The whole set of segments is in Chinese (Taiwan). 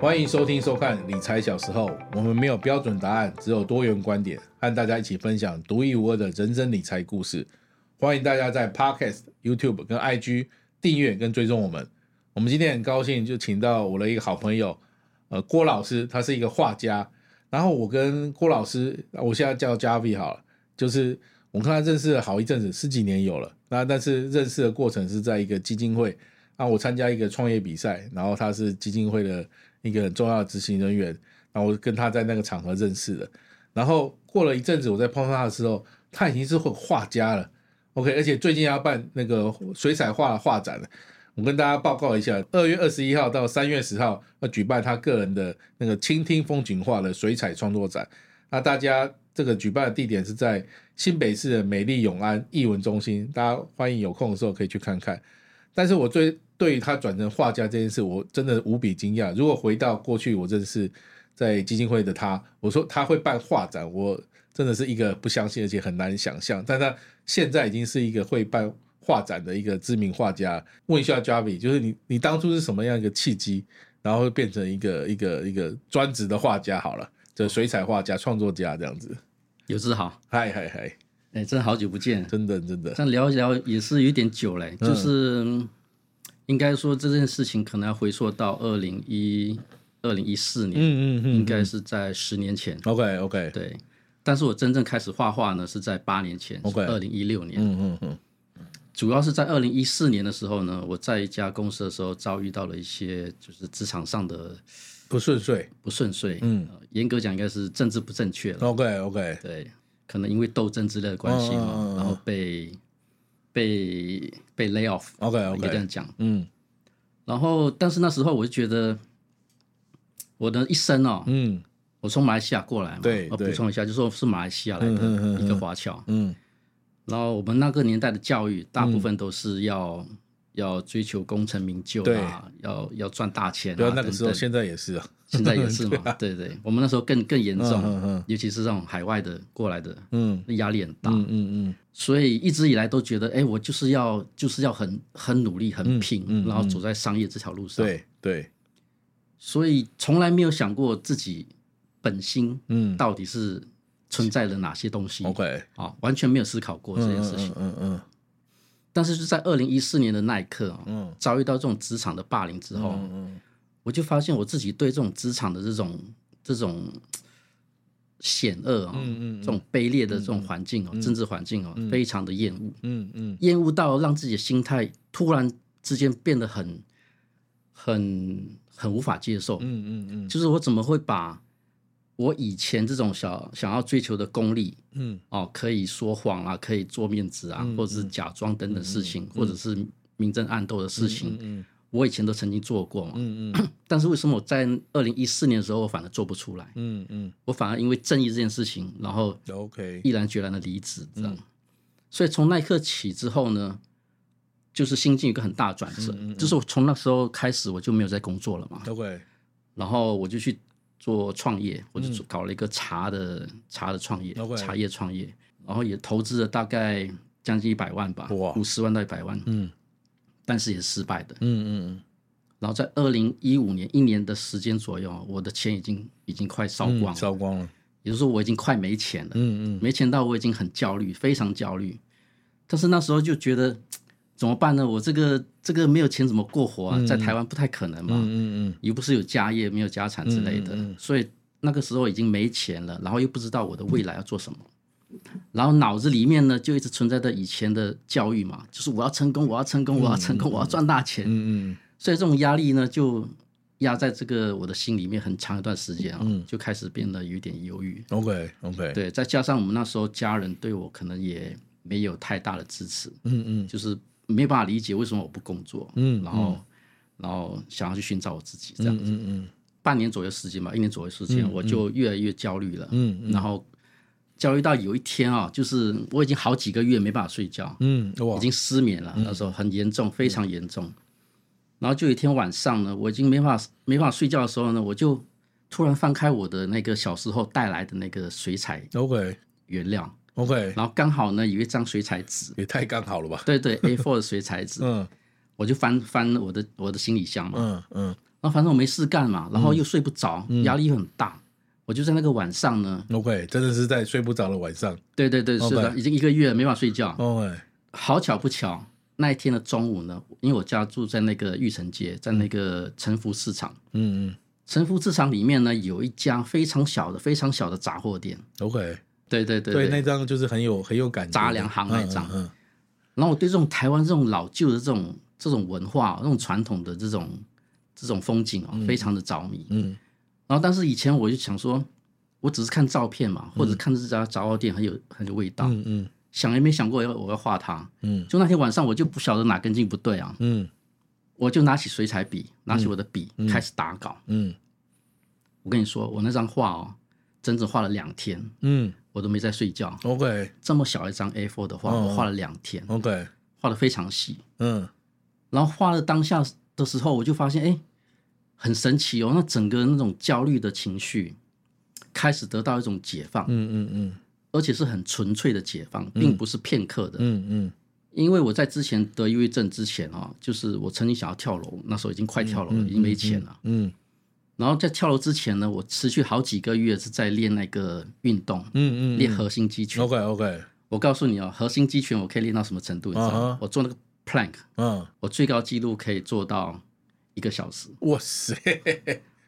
歡迎收聽收看理財小時候，我們沒有標準答案，只有多元觀點，和大家一起分享獨一無二的人生理財故事。歡迎大家在 Podcast、YouTube 跟 IG 訂閱跟追蹤我們。我們今天很高興，就請到我的一個好朋友，呃，郭老師，他是一個畫家。然後我跟郭老師，我現在叫 Javi 好了，就是我跟他認識了好一陣子，十幾年有了。那但是認識的過程是在一個基金會，那我參加一個創業比賽，然後他是基金會的。一個很重要的執行人員，然後我跟他在那個場合認識的。然後過了一陣子，我在碰到他的時候，他已經是畫家了。OK，而且最近要辦那個水彩畫畫展了。我跟大家報告一下，二月二十一號到三月十號要舉辦他個人的那個傾聽風景畫的水彩創作展。那大家這個舉辦的地點是在新北市的美麗永安藝文中心，大家歡迎有空的時候可以去看看。但是我最對於他轉成畫家這件事，我真的無比驚訝。如果回到過去，我認識在基金會的他，我說他會辦畫展，我真的是一個不相信，而且很難想象。但他現在已經是一個會辦畫展的一個知名畫家。問一下 Javi，就是你，你當初是什麼樣一個契機，然後會變成一個一個一個專職的畫家？好了，就水彩畫家、嗯、創作家這樣子。有志豪，嗨嗨嗨！哎、欸，真的好久不見真，真的真的。但聊一聊也是有點久嘞、欸，就是。嗯應該說這件事情可能要回溯到二零一二零一四年，嗯嗯嗯，嗯嗯嗯，應該是在十年前。OK OK，對。但是我真正開始畫畫呢，是在八年前，OK，二零一六年，嗯嗯嗯。嗯嗯嗯，主要是在二零一四年的時候呢，我在一家公司的時候遭遇到了一些就是職場上的不順遂，不順遂，嗯，呃，嚴格講應該是政治不正確了。OK OK，對，可能因為鬥爭之類的關係嘛，oh, 然後被。被被 lay off，OK OK，okay 這樣講，嗯，然後但是那時候我就覺得我的一生哦，嗯，我從馬來西亞過來嘛，對，我補充一下，對就是說是馬來西亞來的一個華僑，嗯，哼哼哼，嗯，然後我們那個年代的教育，大部分都是要。嗯要追求功成名就啊，要要賺大錢啊！對，那個時候現在也是啊，現在也是嘛。對對，我們那時候更更嚴重，尤其是這種海外的過來的，壓力很大，所以一直以來都覺得，哎，我就是要就是要很很努力、很拼，然後走在商業這條路上。對對。所以從來沒有想過自己本心，到底是存在了哪些東西？OK，完全沒有思考過這件事情。嗯嗯。但是就在二零一四年的那一刻啊，oh. 遭遇到這種職場的霸凌之後，oh. Oh. 我就發現我自己對這種職場的這種這種險惡啊，這種卑、啊 mm hmm. 劣的這種環境哦、啊，mm hmm. 政治環境哦、啊，mm hmm. 非常的厭惡，厭惡、mm hmm. 到讓自己的心態突然之間變得很、很、很無法接受。Mm hmm. 就是我怎麼會把。我以前這種想想要追求的功利，嗯，哦，可以說謊啊，可以做面子啊，嗯、或者是假裝等等事情，嗯、或者是明爭暗鬥的事情，嗯，嗯，嗯我以前都曾經做過嘛，嗯嗯，嗯但是為什麼我在二零一四年的時候，我反而做不出來，嗯嗯，嗯我反而因為正義這件事情，然後 OK，毅然決然的離職、嗯，嗯，所以從那一刻起之後呢，就是心境有個很大轉折，嗯嗯嗯、就是從那時候開始我就沒有再工作了嘛，對、嗯，嗯嗯、然後我就去。做創業，我就搞了一個茶的、嗯、茶的創業，茶葉創業，然後也投資了大概將近一百萬吧，五十哇萬到一百萬，嗯，但是也是失敗的，嗯嗯嗯，然後在二零一五年一年的時間左右，我的錢已經已經快燒光、嗯，燒光了，也就是說我已經快沒錢了，嗯嗯，沒錢到我已經很焦慮，非常焦慮，但是那時候就覺得。怎麼辦呢？我這個這個沒有錢怎麼過活啊？在台灣不太可能嘛，嗯嗯，又不是有家業，沒有家產之類的，所以那個時候已經沒錢了，然後又不知道我的未來要做什麼，然後腦子裡面呢就一直存在着以前的教育嘛，就是我要成功，我要成功，我要成功，我要賺大錢，嗯嗯，所以這種壓力呢就壓在這個我的心裡面很長一段時間哦，就開始變得有點猶豫。OK OK，對，再加上我們那時候家人對我可能也沒有太大的支持，嗯嗯，就是。沒辦法理解為什麼我不工作，嗯，然後，嗯、然後想要去尋找我自己這樣子，嗯，嗯，嗯半年左右時間吧，一年左右時間，嗯嗯、我就越來越焦慮了，嗯，嗯然後焦慮到有一天啊，就是我已經好幾個月沒辦法睡覺，嗯，已經失眠了，那時候很嚴重，嗯、非常嚴重，嗯、然後就有一天晚上呢，我已經沒法沒法睡覺的時候呢，我就突然翻開我的那個小時候帶來的那個水彩，OK，原料。Okay. OK，然後剛好呢，有一張水彩紙，也太剛好了吧？對對，A4 的水彩紙， 嗯，我就翻翻我的我的行李箱嘛，嗯嗯，嗯然後反正我沒事幹嘛，然後又睡不着，壓、嗯、力又很大，我就在那個晚上呢，OK，真的是在睡不着的晚上，對對對，是的 okay,，已經一個月沒法睡覺哦，okay, 好巧不巧，那一天的中午呢，因為我家住在那個玉成街，在那個城福市場，嗯嗯，嗯嗯城福市場裡面呢，有一家非常小的、非常小的雜貨店，OK。對對對，對那張就是很有很有感覺，雜糧行那張。嗯，然後我對這種台灣這種老舊的這種這種文化、這種傳統的這種這種風景哦非常的着迷。嗯，然後但是以前我就想說，我只是看照片嘛，或者看這家雜貨店很有很有味道。嗯嗯，想也沒想過要我要畫它。嗯，就那天晚上我就不曉得哪根筋不對啊。嗯，我就拿起水彩筆，拿起我的筆開始打稿。嗯，我跟你說，我那張畫哦，整整畫了兩天。嗯。我都沒在睡覺。Okay. 這麼小一張 A4 的畫，oh. 我畫了兩天。o Okay. 畫的非常細。嗯、然後畫了當下的時候，我就發現，哎，很神奇哦。那整個那種焦慮的情緒開始得到一種解放。嗯嗯嗯、而且是很純粹的解放，並不是片刻的。嗯嗯嗯、因為我在之前得抑鬱症之前啊，就是我曾經想要跳樓，那時候已經快跳樓了，已經沒錢了。嗯嗯嗯嗯嗯然後在跳樓之前呢，我持續好幾個月是在練那個運動，嗯、嗯嗯，練核心肌群。OK OK，我告訴你哦，核心肌群我可以練到什麼程度？你知道嗎？Uh huh. 我做那個 Plank，嗯、uh，huh. 我最高紀錄可以做到一個小時。哇塞！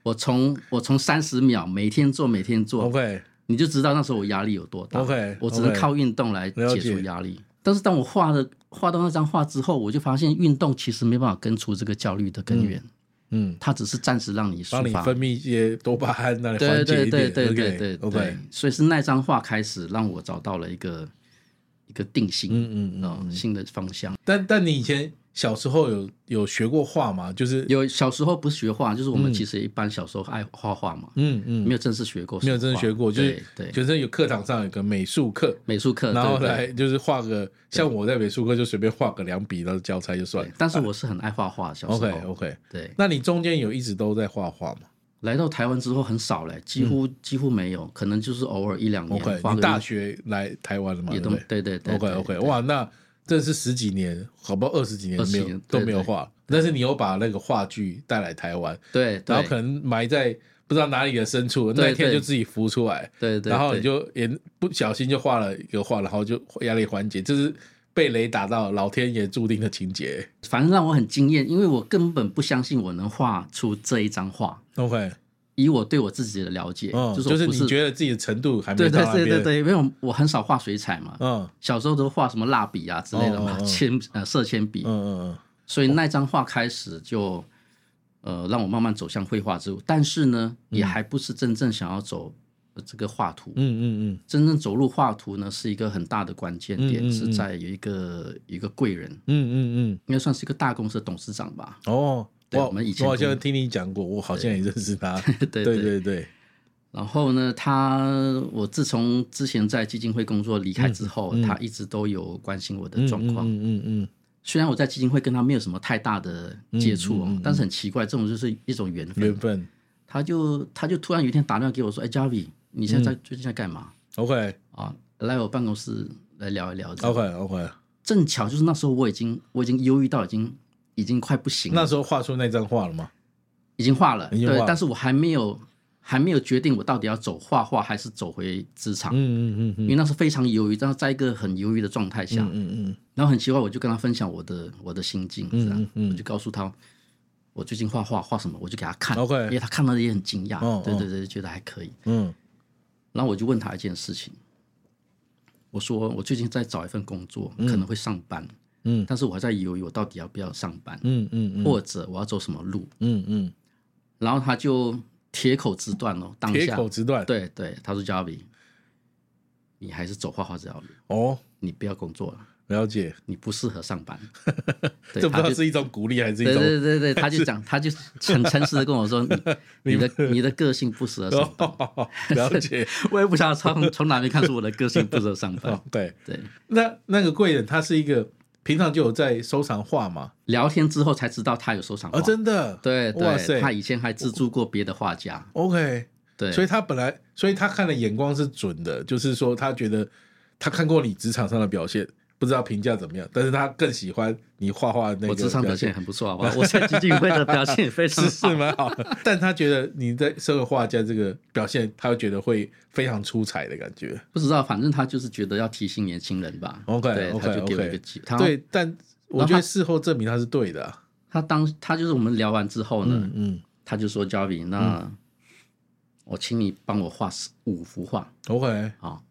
我從我從三十秒每天做，每天做，OK，你就知道那時候我壓力有多大。OK，, okay. 我只能靠運動來解除壓力。了解。但是當我畫了畫到那張畫之後，我就發現運動其實沒辦法根除這個焦慮的根源。嗯嗯，他只是暫時讓你幫你分泌一些多巴胺，讓你緩解一點，對對對對對 okay, okay. 對。所以是那張畫開始讓我找到了一個一個定性，嗯嗯，嗯，嗯新的方向。但但你以前。嗯小時候有有學過畫嗎？就是有小時候不是學畫，就是我們其實一般小時候愛畫畫嘛。嗯嗯，沒有正式學過，沒有正式學過，就是學生有課堂上有個美術課，美術課，然後來就是畫個，像我在美術課就隨便畫個兩筆，然後交差就算了。但是我是很愛畫畫，小時候。OK OK，對，那你中間有一直都在畫畫嗎？來到台灣之後很少了，幾乎幾乎沒有，可能就是偶爾一兩年。你大學來台灣了嘛？對對對，OK OK，哇那。這是十幾年，搞不好二十幾年沒有，二十幾年，對對對都沒有畫，但是你又把那個話劇帶來台灣，對,對,對，然後可能埋在不知道哪裡的深處，對對對那一天就自己浮出來，對,對,對，對然後你就也不小心就畫了一個畫，然後就壓力緩解，就是被雷打到，老天爺注定的情節。反正讓我很驚豔，因為我根本不相信我能畫出這一張畫。OK。以我對我自己的了解，就是就你覺得自己的程度還沒到，對對對對對，因為我很少畫水彩嘛，小時候都畫什麼蠟筆啊之類的嘛，鉛呃色鉛筆，所以那張畫開始就呃讓我慢慢走向繪畫之路，但是呢，也還不是真正想要走這個畫圖。嗯嗯嗯，真正走入畫圖呢，是一個很大的關鍵點，是在有一個一個貴人，嗯嗯嗯，應該算是一個大公司的董事長吧，哦。我們以前我好像聽你講過，我好像也認識他。對對對。然後呢，他我自從之前在基金會工作離開之後，他一直都有關心我的狀況。嗯嗯。雖然我在基金會跟他沒有什麼太大的接觸，但是很奇怪，這種就是一種緣分。緣分。他就他就突然有一天打電話給我，說：“哎，Javi，你現在最近在幹嘛？OK，啊，來我辦公室來聊一聊。”OK OK。正巧就是那時候，我已經我已經憂鬱到已經。已經快不行了。那時候畫出那張畫了嗎？已經畫了，對。但是我還沒有，還沒有決定我到底要走畫畫還是走回職場。嗯嗯嗯。因為那時候非常猶豫，然後在一個很猶豫的狀態下。嗯嗯。然後很奇怪，我就跟他分享我的我的心境，這樣，我就告訴他，我最近畫畫畫什麼，我就給他看。OK。因為他看到也很驚訝，對對對，覺得還可以。嗯。然後我就問他一件事情，我說我最近在找一份工作，可能會上班。嗯，但是我還在猶豫，我到底要不要上班？嗯嗯，或者我要走什麼路？嗯嗯，然後他就鐵口直斷哦，當下，鐵口直斷，對對，他說：“Javi，你還是走畫畫這條路哦，你不要工作了。”了解，你不適合上班。這他就是一種鼓勵，還是對對對對，他就講，他就很誠實的跟我說：“你的你的個性不適合上班。”了解，我也不知道從從哪裡看出我的個性不適合上班。對對，那那個貴人他是一個。平常就有在收藏畫嘛，聊天之後才知道他有收藏畫。哦，真的，對，哇塞，他以前還資助過別的畫家。OK，對，所以他本來，所以他看的眼光是準的，就是說他覺得他看過你職場上的表現。不知道評價怎麼樣，但是他更喜歡你畫畫那個表現，我表現很不錯啊！ 我在基金會的表現也非常是蠻好，但他覺得你在社會畫家，這個表現，他又覺得會非常出彩的感覺。不知道，反正他就是覺得要提醒年輕人吧。OK OK OK 對。他就給一個他對，但我覺得事後證明他是對的，啊他。他當他就是我們聊完之後呢，嗯，嗯他就說 Javi 那，嗯、我請你幫我畫五幅畫，OK 好，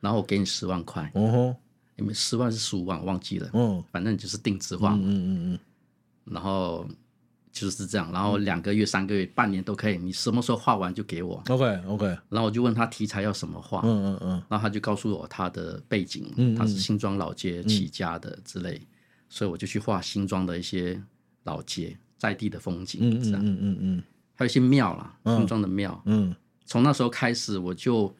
然後我給你十萬塊。哦”哦。十萬是十五萬，我忘記了。嗯，反正就是定製畫。嗯嗯嗯，然後就是這樣，然後兩個月、三個月、半年都可以，你什麼時候畫完就給我。OK OK，然後我就問他題材要什麼畫。嗯嗯嗯，然後他就告訴我他的背景，他是新莊老街起家的之類，所以我就去畫新莊的一些老街在地的風景。嗯嗯嗯嗯嗯，還有一些廟啦，新莊的廟。嗯，從那時候開始，我就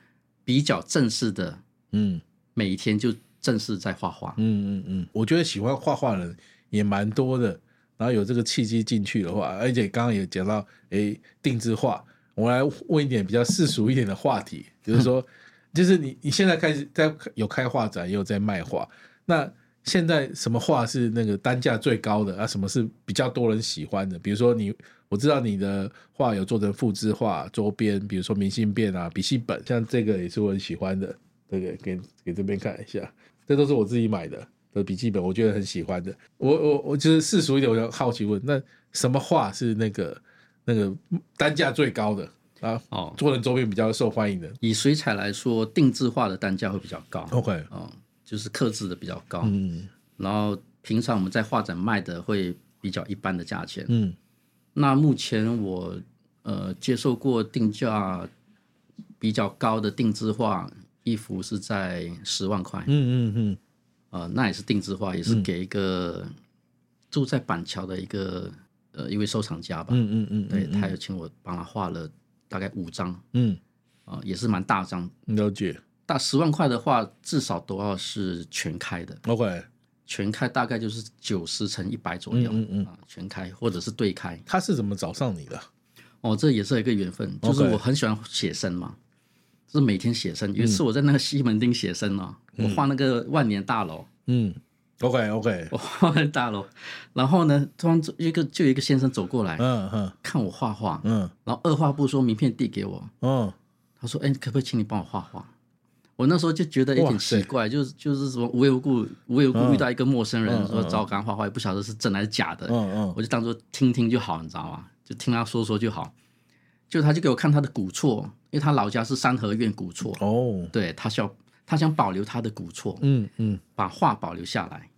比較正式的，嗯，每一天就。正式在畫畫，嗯嗯嗯，我覺得喜歡畫畫的人也蠻多的，然後有這個契機進去的話，而且剛剛也講到，誒、欸，定制畫。我來問一點比較世俗一點的話題，就是說，哼就是你你現在開始在有開畫展，也有在賣畫。那現在什麼畫是那個單價最高的啊？什麼是比較多人喜歡的？比如說你，你我知道你的畫有做成複制畫、周邊，比如說明信片啊、筆記本，像這個也是我很喜歡的。這個給給這邊看一下。這都是我自己買的的筆記本，我覺得很喜歡的。我我我就是世俗一點，我就好奇問：那什麼畫是那個那個單價最高的啊？哦，做成周邊比較受歡迎的。以水彩來說，定制畫的單價會比較高。OK，哦，就是客製的比較高。嗯。然後平常我們在畫展賣的會比較一般的價錢。嗯。那目前我呃接受過定價比較高的定制畫。一幅是在十萬塊，嗯嗯嗯，嗯嗯呃，那也是定制化，也是給一個、嗯、住在板橋的一個呃一位收藏家吧，嗯嗯嗯，嗯嗯對他有請我幫他畫了大概五張，嗯，啊、呃，也是蠻大張，了解，但十萬塊的話，至少都要是全開的，OK，全開大概就是九十乘一百左右，嗯嗯啊，全開或者是對開，他是怎麼找上你的？哦，這也是一個緣分，就是我很喜歡寫生嘛。Okay 是每天寫生。有一次我在那個西門町寫生哦、喔。嗯、我畫那個萬年大樓。嗯，OK OK，我畫萬年大樓。然後呢，突然一個就一個先生走過來，嗯哼，看我畫畫，嗯，畫畫嗯，然後二話不說，名片遞給我。嗯，他說：“哎、欸，可不可以請你幫我畫畫？”我那時候就覺得有點奇怪，塞就是就是什麼無緣無故無緣無故遇到一個陌生人，嗯、說找我幹畫畫，也、嗯、不曉得是真還是假的。嗯嗯，嗯，我就當做聽聽就好，你知道嗎？就聽他說說就好。就他就給我看他的古厝。因為他老家是三合院古厝哦，對，他需要他想保留他的古厝，嗯，嗯嗯，把畫保留下來，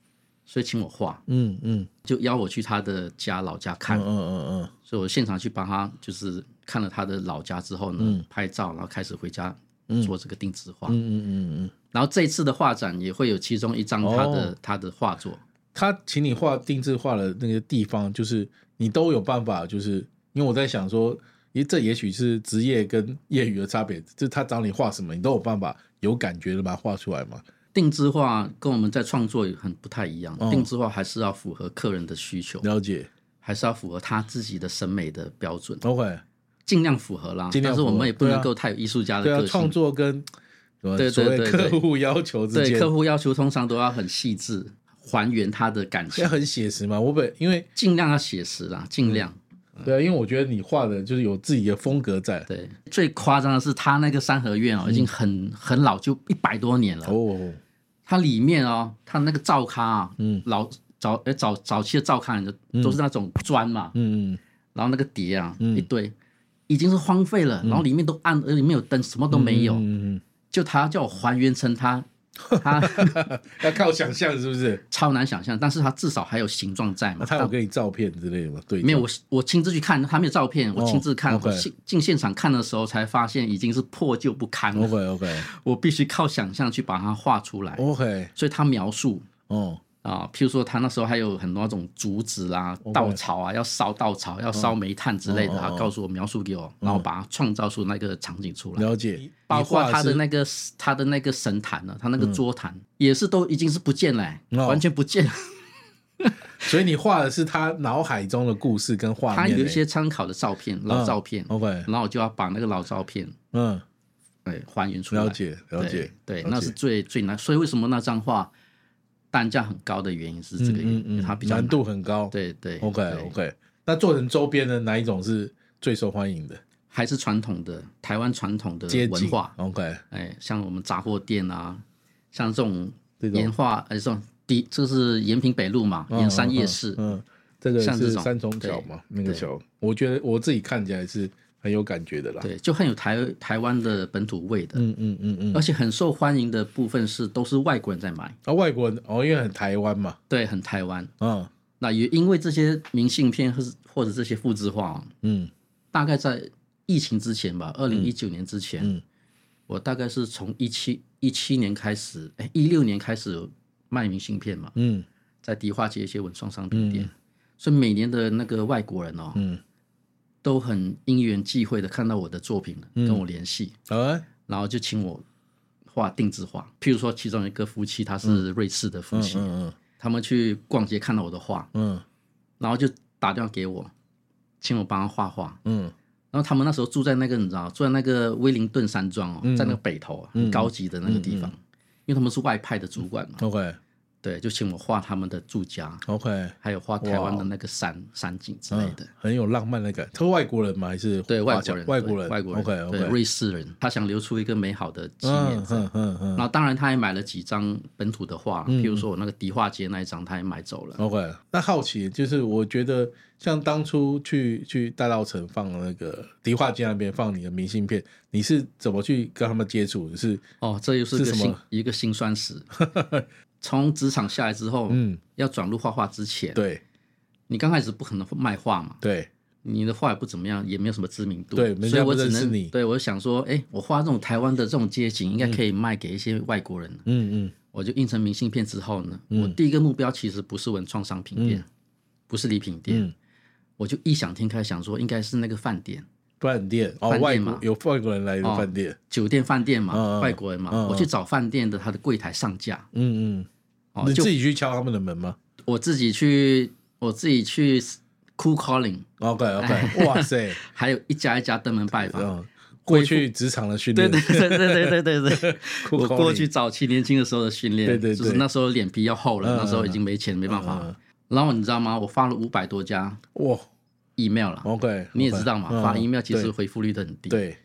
所以請我畫，嗯嗯，嗯就邀我去他的家老家看，嗯嗯嗯，嗯嗯，所以我現場去幫他，就是看了他的老家之後呢，嗯、拍照，然後開始回家做這個定製畫，嗯嗯嗯嗯，嗯嗯嗯嗯，然後這次的畫展也會有其中一張他的、哦、他的畫作，他請你畫定製畫的那個地方，就是你都有辦法，就是因為我在想說。因為這也許是職業跟業餘的差別，就他找你畫什麼，你都有辦法有感覺的把它畫出來嘛。定制畫跟我們在創作也很不太一樣，哦、定制畫還是要符合客人的需求，了解，還是要符合他自己的審美的標準，都會、哦 okay, 盡量符合啦。盡量符合，但是我們也不能夠太有藝術家的個性，要、啊啊、創作跟對對對，對所謂客戶要求之間，對客戶要求通常都要很細緻，還原他的感覺要很寫實嘛。我本因為盡量要寫實啦，盡量。嗯對啊，因為我覺得你畫的就是有自己的風格在。嗯、對，最誇張的是他那個三合院哦，嗯、已經很很老舊，就一百多年了。哦、哦、哦，它裡面哦，它那個灶咖啊，嗯，老早哎早早期的灶咖就都是那種磚嘛，嗯、嗯然後那個碟啊、嗯、一堆，已經是荒廢了，然後裡面都暗，而裡面有燈，什麼都沒有，嗯嗯、嗯、嗯嗯，就他叫我還原成他。 他 要靠想象，是不是？超難想象，但是他至少還有形狀在嘛。啊？他有給你照片之類的嗎？對，沒有，我我親自去看他沒有照片，哦，我親自看，okay。我進進現場看的時候才發現已經是破舊不堪了。OK，okay。我必須靠想象去把它畫出來。OK，所以他描述哦。啊，譬如說，他那時候還有很多種竹子啊、稻草啊，要燒稻草，要燒煤炭之類的。他告訴我，描述給我，然後把它創造出那個場景出來。了解，包括他的那個他的那個神壇啊，他那個桌壇也是都已經是不見了，完全不見了。所以你畫的是他腦海中的故事跟畫面。他有一些參考的照片，老照片，OK，然後我就要把那個老照片嗯，對還原出來。了解，了解，對，那是最最難，所以為什麼那張畫，單價很高的原因是這個原因，它，比較難度很高。對對，OK OK。那做成周邊的哪一種是最受歡迎的？還是傳統的台灣傳統的街文化？OK。哎，像我們雜貨店啊，像這種岩畫，哎，這種，的，就是延平北路嘛，延山夜市，嗯，這個是三重橋嘛，那個橋，我覺得我自己看起來是，很有感覺的啦，對，就很有台台灣的本土味的，嗯嗯嗯嗯，嗯嗯，而且很受歡迎的部分是都是外國人在買，啊、哦，外國人哦，因為很台灣嘛，對，很台灣，嗯、哦，那也因為這些明信片或者或者這些複製畫，嗯，大概在疫情之前吧，二零一九年之前，嗯，嗯，我大概是從一七一七年開始，哎，一六年開始賣明信片嘛，嗯，在迪化街一些文創商品店，嗯嗯、所以每年的那個外國人哦，嗯。都很因緣際會的看到我的作品跟我聯繫，嗯、然後就請我畫定製畫。譬如說，其中一個夫妻他是瑞士的夫妻，嗯嗯嗯嗯、他們去逛街看到我的畫，嗯、然後就打電話給我，請我幫他畫畫，嗯、然後他們那時候住在那個你知道住在那個威靈頓山莊哦，在那個北投很高級的那個地方，嗯嗯嗯嗯嗯、因為他們是外派的主管嘛、嗯 okay. 對，就請我畫他們的住家，OK，還有畫台灣的那個山哇山景之類的、嗯，很有浪漫的感覺。他是外國人嗎，還是對外國人，外國人，外國人，對,外國人 okay, okay. 對瑞士人，他想留出一個美好的紀念。然後、嗯嗯嗯、當然，他也買了幾張本土的畫，譬如說我那個迪化街那一張，他也買走了、嗯。OK，那好奇就是，我覺得像當初去去大稻埕放那個迪化街那邊放你的明信片，你是怎麼去跟他們接觸？是哦，這又是,是什麼一個辛酸史？ 從職場下來之後，嗯，要轉入畫畫之前，對，你剛開始不可能賣畫嘛，對，你的畫也不怎麼樣，也沒有什麼知名度，對，所以我只能，對，我就想說，哎，我畫這種台灣的這種街景，應該可以賣給一些外國人，嗯嗯，我就印成明信片之後呢，我第一個目標其實不是文創商品店，不是禮品店，我就異想天開想說，應該是那個飯店。飯店哦，外有外國人來的飯店，酒店、飯店嘛，外國人嘛，我去找飯店的他的櫃檯上架。嗯嗯，你自己去敲他們的門嗎？我自己去，我自己去，cool calling。OK OK，哇塞，還有一家一家登門拜訪。過去職場的訓練，對對對對對對對，我過去早期年輕的時候的訓練，就是那時候臉皮要厚了，那時候已經沒錢沒辦法了。然後你知道嗎？我發了五百多家。哇。email 了，OK，你也知道嘛，發 email 其實回復率都很低，對，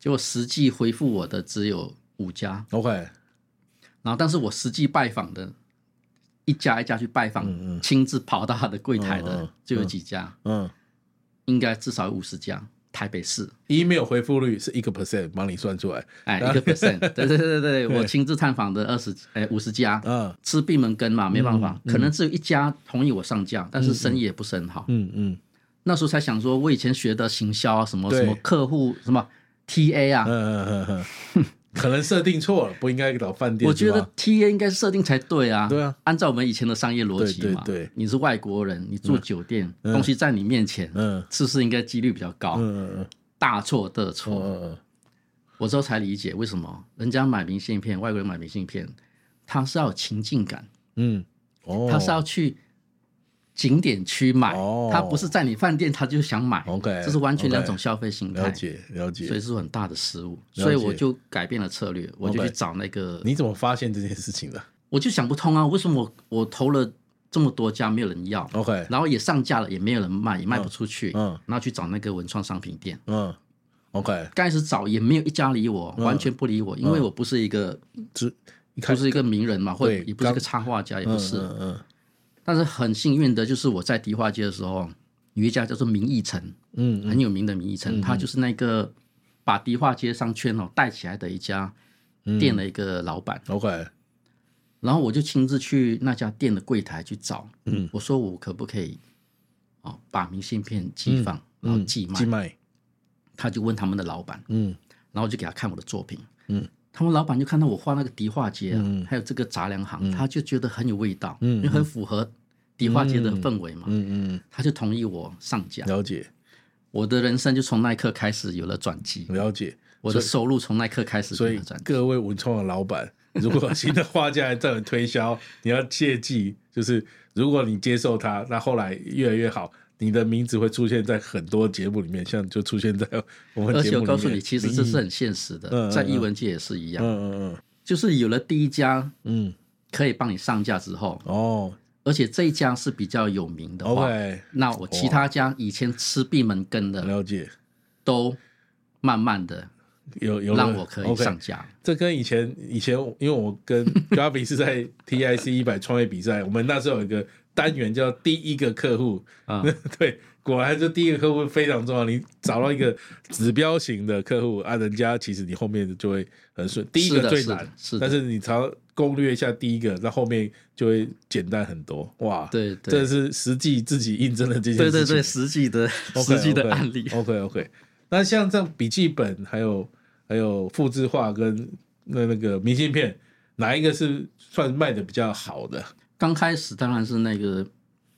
結果實際回復我的只有五家，OK，然後但是我實際拜訪的，一家一家去拜訪，親自跑到他的櫃台的就有幾家，嗯，應該至少有五十家，台北市 email 回復率是一個 percent，幫你算出來，哎，一個 percent，對對對對對，我親自探訪的二十哎五十家，嗯，吃閉門羹嘛，沒辦法，可能只有一家同意我上架，但是生意也不是很好，嗯嗯。那時候才想說，我以前學的行銷啊，什麼什麼客戶什麼 TA 啊，可能設定錯了，不應該給到飯店。我覺得 TA 應該設定才對啊，對啊，按照我們以前的商業邏輯嘛，你是外國人，你住酒店，東西在你面前，是不是應該幾率比較高，大錯特錯。我之後才理解為什麼人家買明信片，外國人買明信片，他是要有情境感，嗯，他是要去。景點區買，他不是在你飯店，他就想買，這是完全兩種消費心態。了解了解，所以是很大的失誤，所以我就改變了策略，我就去找那個。你怎麼發現這件事情的？我就想不通啊，為什麼我我投了這麼多家沒有人要？OK，然後也上架了，也沒有人賣，也賣不出去。嗯，然後去找那個文創商品店。嗯，OK，剛開始找也沒有一家理我，完全不理我，因為我不是一個只不是一個名人嘛，或者也不是一個插畫家，也不是。但是很幸運的，就是我在迪化街的時候，有一家叫做“民藝埕”，嗯，很有名的“民藝埕”，他就是那個把迪化街商圈哦帶起來的一家店的一個老闆。OK，然後我就親自去那家店的櫃檯去找，嗯，我說我可不可以，哦，把明信片寄放，然後寄賣，他就問他們的老闆，嗯，然後我就給他看我的作品，嗯，他們老闆就看到我畫那個迪化街啊，還有這個雜糧行，他就覺得很有味道，嗯，因為很符合。迪化街的氛圍嘛，嗯嗯，嗯，他就同意我上架。了解，我的人生就從那一刻開始有了轉機。了解，我的收入從那一刻開始有了轉機。所以，所以各位文創的老闆，如果新的畫家還在你推銷， 你要切記，就是如果你接受他，那後來越來越好，你的名字會出現在很多節目裡面，像就出現在我們節目裡面。而且我告訴你，其實這是很現實的，明在藝文界也是一樣。嗯嗯嗯就是有了第一家，嗯、可以幫你上架之後，哦。而且這一家是比較有名的話，OK，那我其他家以前吃閉門羹的了解，都慢慢的有有、嗯、有了讓我可以上架。Okay, 這跟以前以前，因為我跟 Javi 是在 TIC 一百創業比賽， 我們那時候有一個單元叫第一個客戶啊，嗯、 對，果然這第一個客戶非常重要。你找到一個指標型的客戶，按、啊、人家其實你後面就會很順。第一個最難，是的是的是但是你常。攻略一下第一個，那後面就會簡單很多哇！對，對，這是實際自己印證的這些事。對對對，實際的 okay, okay, 實際的案例。OK OK，那像這樣筆記本，還有還有複製畫跟那那個明信片，哪一個是算賣得比較好的？剛開始當然是那個。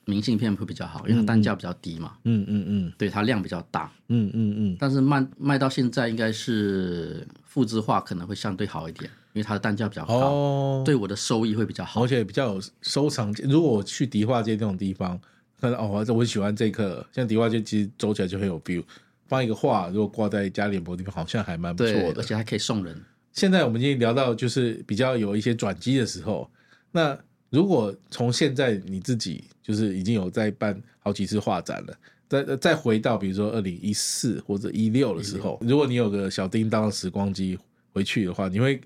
明信片會比較好，因為它單價比較低嘛。嗯嗯嗯，嗯嗯對，它量比較大。嗯嗯嗯，嗯嗯但是賣賣到現在，應該是複製畫可能會相對好一點，因為它的單價比較高，哦、對我的收益會比較好，而且比較有收藏。如果我去迪化街這那種地方，哦，我喜歡這個，像迪化街其實走起來就很有 view，放一個畫如果掛在家裡面某個地方，好像還蠻不錯，而且還可以送人。現在我們已經聊到就是比較有一些轉機的時候，那。如果從現在你自己就是已經有在辦好幾次畫展了，再再回到比如說二零一四或者一六的時候，嗯、如果你有個小叮噹的時光機回去的話，你會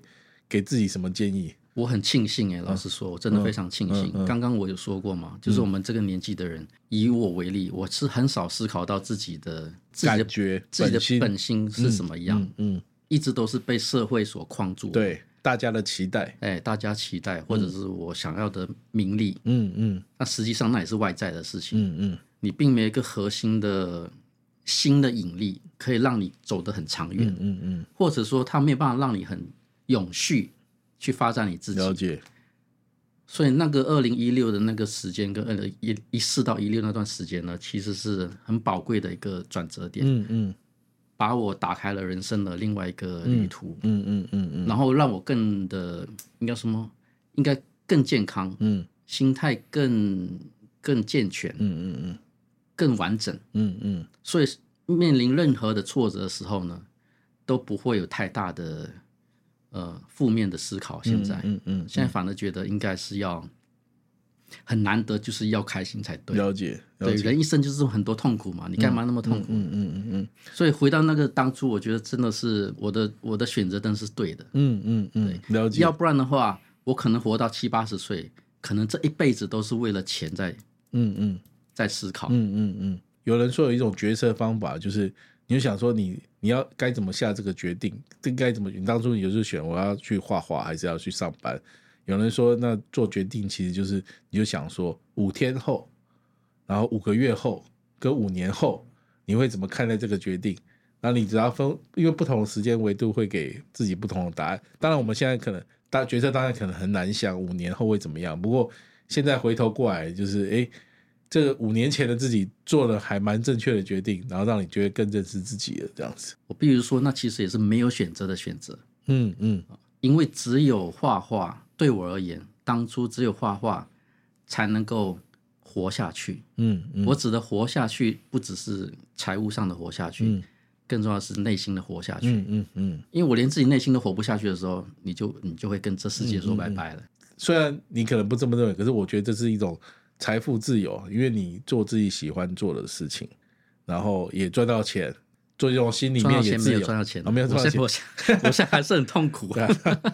給自己什麼建議？我很慶幸哎、欸，老實說，嗯、我真的非常慶幸。嗯嗯嗯、剛剛我有說過嘛，就是我們這個年紀的人，嗯、以我為例，我是很少思考到自己的感覺、自己的、自己的本心是什麼樣，嗯，嗯嗯一直都是被社會所框住，對。大家的期待，哎、欸，大家期待，或者是我想要的名利，嗯嗯，嗯那實際上那也是外在的事情，嗯嗯，嗯你並沒有一個核心的新的引力，可以讓你走得很長遠，嗯嗯，嗯嗯或者說它沒有辦法讓你很永續去發展你自己。了解。所以那個二零一六的那個時間，跟二零一一四到一六那段時間呢，其實是很寶貴的一個轉折點，嗯嗯。嗯把我打開了人生的另外一個旅途，嗯嗯嗯嗯，嗯嗯嗯然後讓我更的應該什麼？應該更健康，嗯，心態更更健全，嗯嗯嗯，嗯嗯更完整，嗯嗯。嗯所以面臨任何的挫折的時候呢，都不會有太大的呃負面的思考。現在，嗯嗯，嗯嗯現在反而覺得應該是要。很難得，就是要開心才對了，了解，對，人一生就是很多痛苦嘛，嗯、你幹嘛那麼痛苦？嗯嗯嗯嗯。嗯嗯嗯所以回到那個當初，我覺得真的是我的我的選擇真的是對的。嗯嗯嗯，嗯嗯對了解。要不然的話，我可能活到七八十歲，可能這一輩子都是為了錢在，嗯嗯，嗯在思考。嗯嗯嗯，嗯。有人說有一種決策方法，就是你想說你你要該怎麼下這個決定，這該怎麼？你當初你就是選我要去畫畫，還是要去上班？有人說，那做決定其實就是你就想說五天後，然後五個月後跟五年後你會怎麼看待這個決定？那你只要分，因為不同的時間維度會給自己不同的答案。當然，我們現在可能大決策當然可能很難想五年後會怎麼樣。不過現在回頭過來，就是哎，這個五年前的自己做了還蠻正確的決定，然後讓你覺得更認識自己的這樣子。我比如說，那其實也是沒有選擇的選擇。嗯嗯，嗯因為只有畫畫。對我而言，當初只有畫畫才能夠活下去。嗯，嗯，我指的活下去，不只是財務上的活下去，嗯，更重要的是內心的活下去。嗯嗯，嗯嗯，因為我連自己內心都活不下去的時候，你就你就會跟這世界說拜拜了。嗯嗯。雖然你可能不這麼認為，可是我覺得這是一種財富自由，因為你做自己喜歡做的事情，然後也賺到錢。這種心裡面也是有賺到錢。哦，我沒有賺到錢，我現，我現在還是很痛苦、 啊。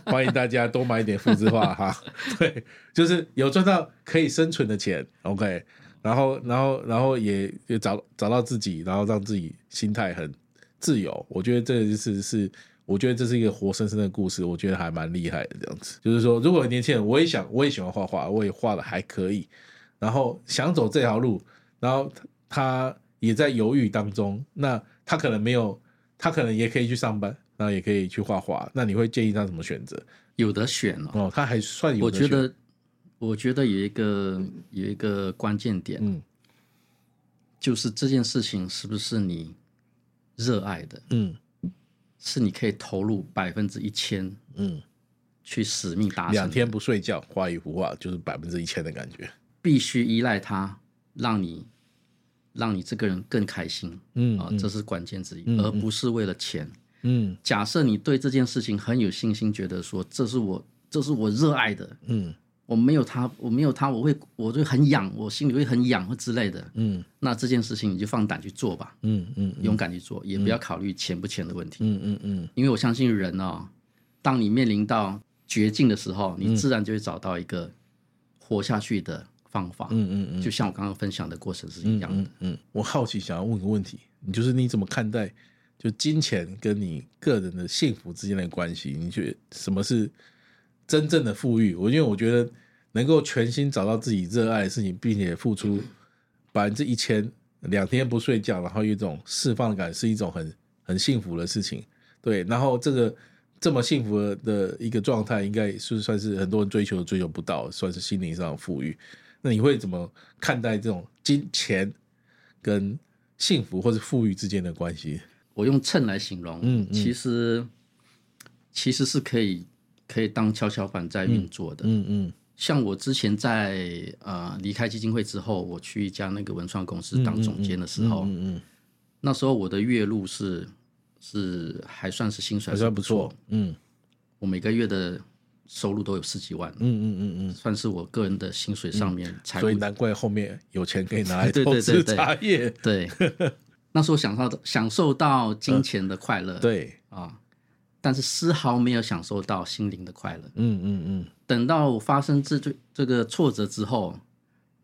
歡迎大家多買一點複製畫哈。對，就是有賺到可以生存的錢，OK。然後，然後，然後也也找找到自己，然後讓自己心態很自由。我覺得這就是是，我覺得這是一個活生生的故事。我覺得還蠻厲害的這樣子。就是說，如果有年輕人我也想，我也喜歡畫畫，我也畫的還可以，然後想走這條路，然後他也在猶豫當中，那。他可能沒有，他可能也可以去上班，然後也可以去畫畫。那你會建議他怎麼選擇？有的選哦，哦，他還算有選。我覺得，我覺得有一個、嗯、有一個關鍵點、啊，嗯、就是這件事情是不是你熱愛的？嗯，是你可以投入百分之一千，嗯，去使命達成、嗯。兩天不睡覺畫一幅畫，就是百分之一千的感覺。必須依賴他，讓你。讓你這個人更開心，嗯啊，這是關鍵之一，嗯嗯、而不是為了錢，嗯。嗯，假設你對這件事情很有信心，覺得說，這是我這是我熱愛的，嗯，我沒有他，我沒有他，我會我就很癢，我心裡會很癢之類的，嗯。那這件事情你就放膽去做吧，嗯嗯，嗯嗯勇敢去做，嗯、也不要考慮錢不錢的問題，嗯嗯嗯。嗯嗯嗯，因為我相信人哦，當你面臨到絕境的時候，你自然就會找到一個活下去的。方法，嗯嗯嗯，就像我剛剛分享的過程是一樣的。嗯嗯嗯，我好奇想要問個問題，你就是你怎麼看待就金錢跟你個人的幸福之間的關係？你覺得什麼是真正的富裕？我因為我覺得能夠全心找到自己熱愛的事情，並且付出百分之一千，兩天不睡覺，然後有一種釋放感，是一種很很幸福的事情。對，然後這個這麼幸福的一個狀態，應該是算是很多人追求追求不到，算是心靈上的富裕。那你會怎麼看待這種金錢跟幸福或者富裕之間的關係？我用秤來形容，嗯，嗯，其實其實是可以可以當蹺蹺板在運作的，嗯嗯。嗯嗯像我之前在呃離開基金會之後，我去一家那個文創公司當總監的時候，嗯嗯，嗯嗯嗯嗯那時候我的月入是是還算是薪水還不錯，還算不錯，嗯，我每個月的。收入都有十幾萬。嗯，嗯嗯嗯嗯，算是我個人的薪水上面才、嗯，所以難怪後面有錢可以拿來投資茶葉。 對， 那時候享受到享受到金錢的快樂，呃、對啊、哦，但是絲毫沒有享受到心靈的快樂。嗯嗯嗯。嗯嗯等到發生這這這個挫折之後，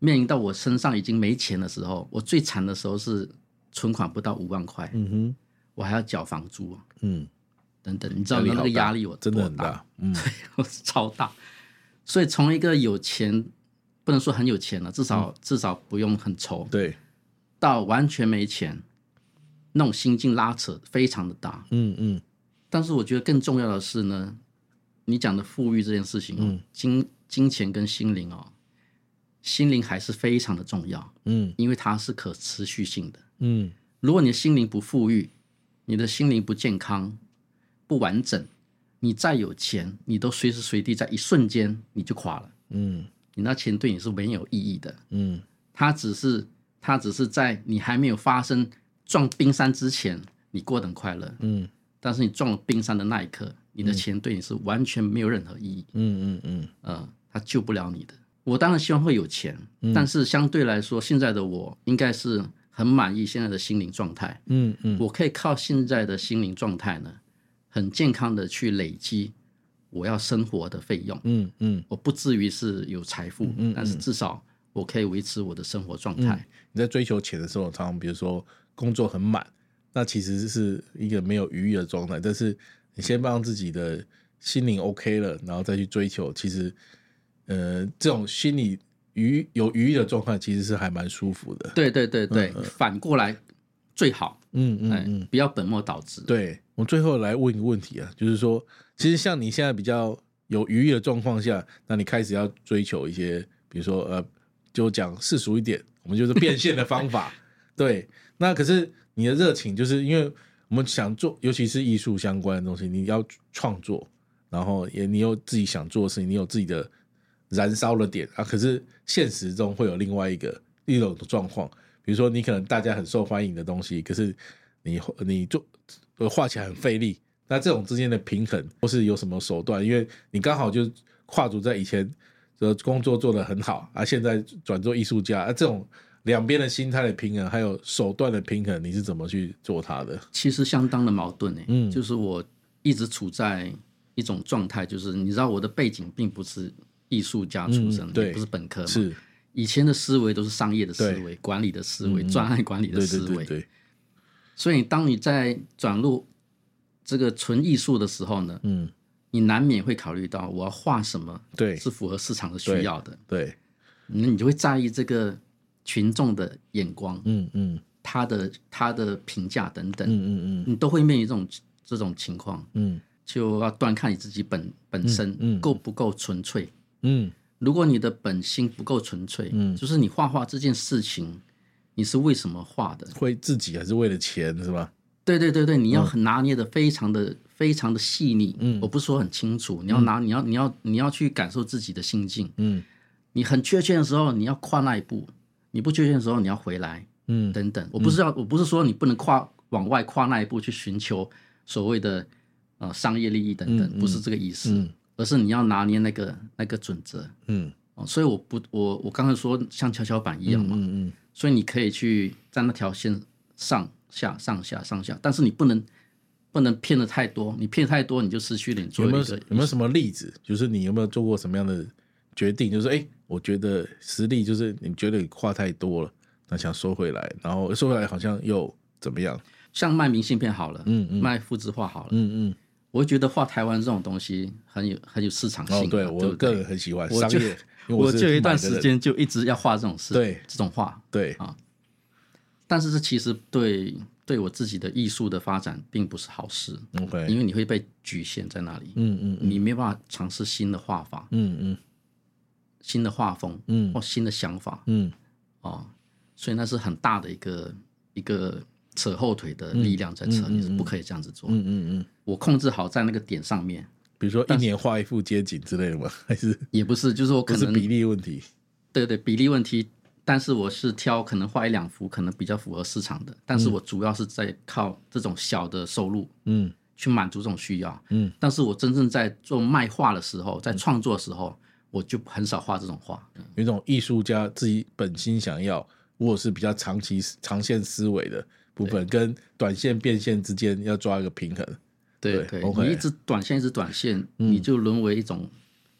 面臨到我身上已經沒錢的時候，我最慘的時候是存款不到五萬塊。嗯哼，我還要繳房租嗯。等等，你知道那個壓力我、啊、真的很大，嗯，我超大。所以從一個有錢，不能說很有錢了、啊，至少、嗯、至少不用很愁，對，到完全沒錢，那種心境拉扯非常的大，嗯嗯。嗯但是我覺得更重要的是呢，你講的富裕這件事情，嗯、金金錢跟心靈哦，心靈還是非常的重要，嗯，因為它是可持續性的，嗯。如果你的心靈不富裕，你的心靈不健康，不完整，你再有錢，你都隨時隨地在一瞬間你就垮了。嗯，你那錢對你是沒有意義的。嗯，它只是，它只是在你還沒有發生撞冰山之前，你過得很快樂。嗯，但是你撞了冰山的那一刻，你的錢對你是完全沒有任何意義。嗯嗯嗯，嗯嗯呃，它救不了你的。我當然希望會有錢，嗯，但是相對來說，現在的我應該是很滿意現在的心靈狀態。嗯嗯，嗯我可以靠現在的心靈狀態呢，很健康的去累積，我要生活的費用。嗯嗯，嗯我不至於是有財富嗯，嗯，但是至少我可以維持我的生活狀態。嗯。你在追求錢的時候，常常比如說工作很滿，那其實是一個沒有餘裕的狀態。但是你先幫自己的心靈 OK 了，然後再去追求，其實，呃，這種心理餘有餘裕的狀態，其實是還蠻舒服的。對對對對，嗯嗯、反過來最好。嗯嗯嗯，不要本末倒置。對。我們最後來問一個問題啊，就是說，其實像你現在比較有餘裕的狀況下，那你開始要追求一些，比如說，呃，就講世俗一點，我們就是變現的方法。 對，那可是你的熱情，就是因為我們想做，尤其是藝術相關的東西，你要創作，然後也你有自己想做的事情，你有自己的燃燒的點啊。可是現實中會有另外一個一種狀況，比如說你可能大家很受歡迎的東西，可是你你做。畫起來很費力，那這種之間的平衡，或是有什麼手段？因為你剛好就跨足在以前的工作做得很好啊，現在轉做藝術家，啊，這種兩邊的心態的平衡，還有手段的平衡，你是怎麼去做它的？其實相當的矛盾、欸、嗯，就是我一直處在一種狀態，就是你知道我的背景並不是藝術家出身、嗯，對，不是本科嘛，是以前的思維都是商業的思維、對管理的思維、專、嗯、案管理的思維。對對對對。所以，當你在轉入這個純藝術的時候呢，嗯，你難免會考慮到我要畫什麼，對，是符合市場的需要的，對，那你就會在意這個群眾的眼光，嗯嗯，嗯，他的他的評價等等，嗯嗯嗯，嗯嗯，你都會面臨這種這種情況，嗯，就要端看你自己本本身，夠不夠純粹，嗯，嗯，如果你的本心不夠純粹，嗯，就是你畫畫這件事情。你是為什麼畫的？為自己還是為了錢，是吧？對對對對，你要拿捏的非常的非常的細膩。我不是說很清楚，你要拿你要你要你要去感受自己的心境。你很缺錢的時候，你要跨那一步；你不缺錢的時候，你要回來。等等，我不是要我不是說你不能跨往外跨那一步去尋求所謂的呃商業利益等等，不是這個意思，而是你要拿捏那個那個準則。所以我不我我剛才說像蹺蹺板一樣嘛。所以你可以去在那條線上下上下上下，但是你不能不能騙得太多，你騙太多你就失去了你做有有沒有，有沒有什麼例子？就是你有沒有做過什麼樣的決定？就是哎、欸，我覺得實力就是你覺得你話太多了，那想收回來，然後收回來好像又怎麼樣？像賣明信片好了，嗯嗯，賣複製畫好了，嗯嗯。我覺得畫台灣這種東西很有很有市場性。哦，對，我個人很喜歡。我就我就有一段時間就一直要畫這種事，這種畫，對啊。但是這其實對對我自己的藝術的發展並不是好事。OK，因為你會被局限在那裡。嗯嗯。你沒辦法嘗試新的畫法。嗯嗯。新的畫風。嗯。或新的想法。嗯。啊，所以那是很大的一個一個，扯後腿的力量在扯，你是不可以這樣子做。嗯嗯嗯，我控制好在那個點上面。比如說一年畫一幅街景之類的嗎？還是也不是，就是我可能對對比例問題。對對，比例問題。但是我是挑可能畫一兩幅，可能比較符合市場的。但是我主要是在靠這種小的收入，嗯，去滿足這種需要。嗯，但是我真正在做賣畫的時候，在創作的時候，我就很少畫這種畫。有一種藝術家自己本心想要，如果是比較長期長線思維的。部分對跟短線變現之間要抓一個平衡，對對，對 okay 你一直短線一直短線，嗯、你就淪為一種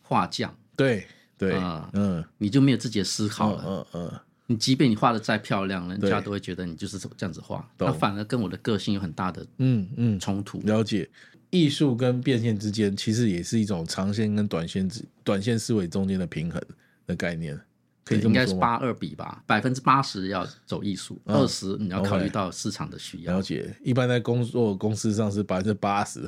畫匠，對對啊，呃、嗯，你就沒有自己的思考了，嗯嗯，嗯嗯你即便你畫的再漂亮，人家、嗯嗯、都會覺得你就是這這樣子畫，對那反而跟我的個性有很大的嗯嗯衝突。了解，藝術跟變現之間其實也是一種長線跟短線、之，短線思維中間的平衡的概念。可以應該是八二比吧，百分之八十要走藝術，二十、哦、你要考慮到市場的需要。了解，一般在工作公司上是百分之八十，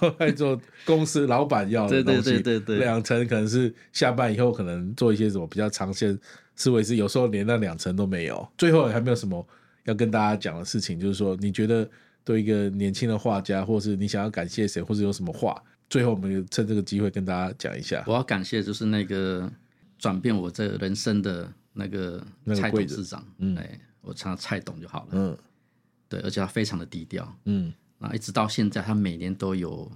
都還 做公司老闆要的東西。對對對對對，兩層可能是下班以後，可能做一些什麼比較長線思維，是有時候連那兩層都沒有。最後還沒有什麼要跟大家講的事情，就是說你覺得對一個年輕的畫家，或是你想要感謝誰，或者有什麼話？最後我們趁這個機會跟大家講一下。我要感謝就是那個。轉變我這人生的那個那個貴人蔡董事長，嗯欸，我稱他蔡董就好了。嗯，對，而且他非常的低調。嗯，那一直到現在，他每年都有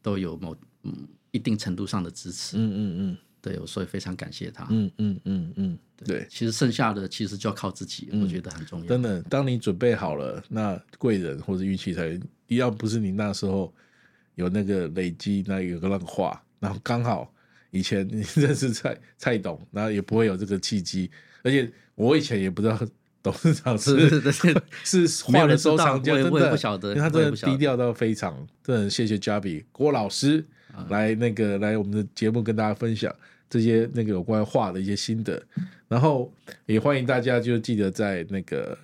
都有某嗯一定程度上的支持。嗯嗯嗯，對，我所以非常感謝他。嗯，嗯嗯嗯嗯，對。對，其實剩下的其實就要靠自己，嗯、我覺得很重要。真的，當你準備好了，那貴人或者運氣才，要不是你那時候有那個累積、那個，有那有個浪花，然後剛好。對 嗯以前你認識蔡蔡董，然後，也不會有這個契機。而且我以前也不知道董事長是是畫 了收藏家，真的我也不曉得。他真他的低調到非常。真的很謝謝 Javi 郭老師、啊、來那個來我們的節目跟大家分享這些那個有關畫的一些心得。然後也歡迎大家就記得在那個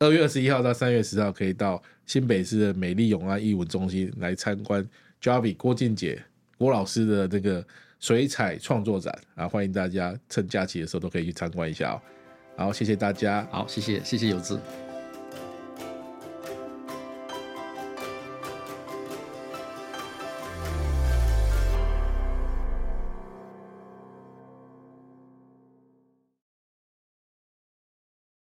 二月二十一號到三月十號可以到新北市的美麗永安藝文中心來參觀 Javi 郭進傑，郭老師的這、那個。水彩創作展啊，歡迎大家趁假期的時候都可以去參觀一下哦。好，謝謝大家。好，謝謝，謝謝游資。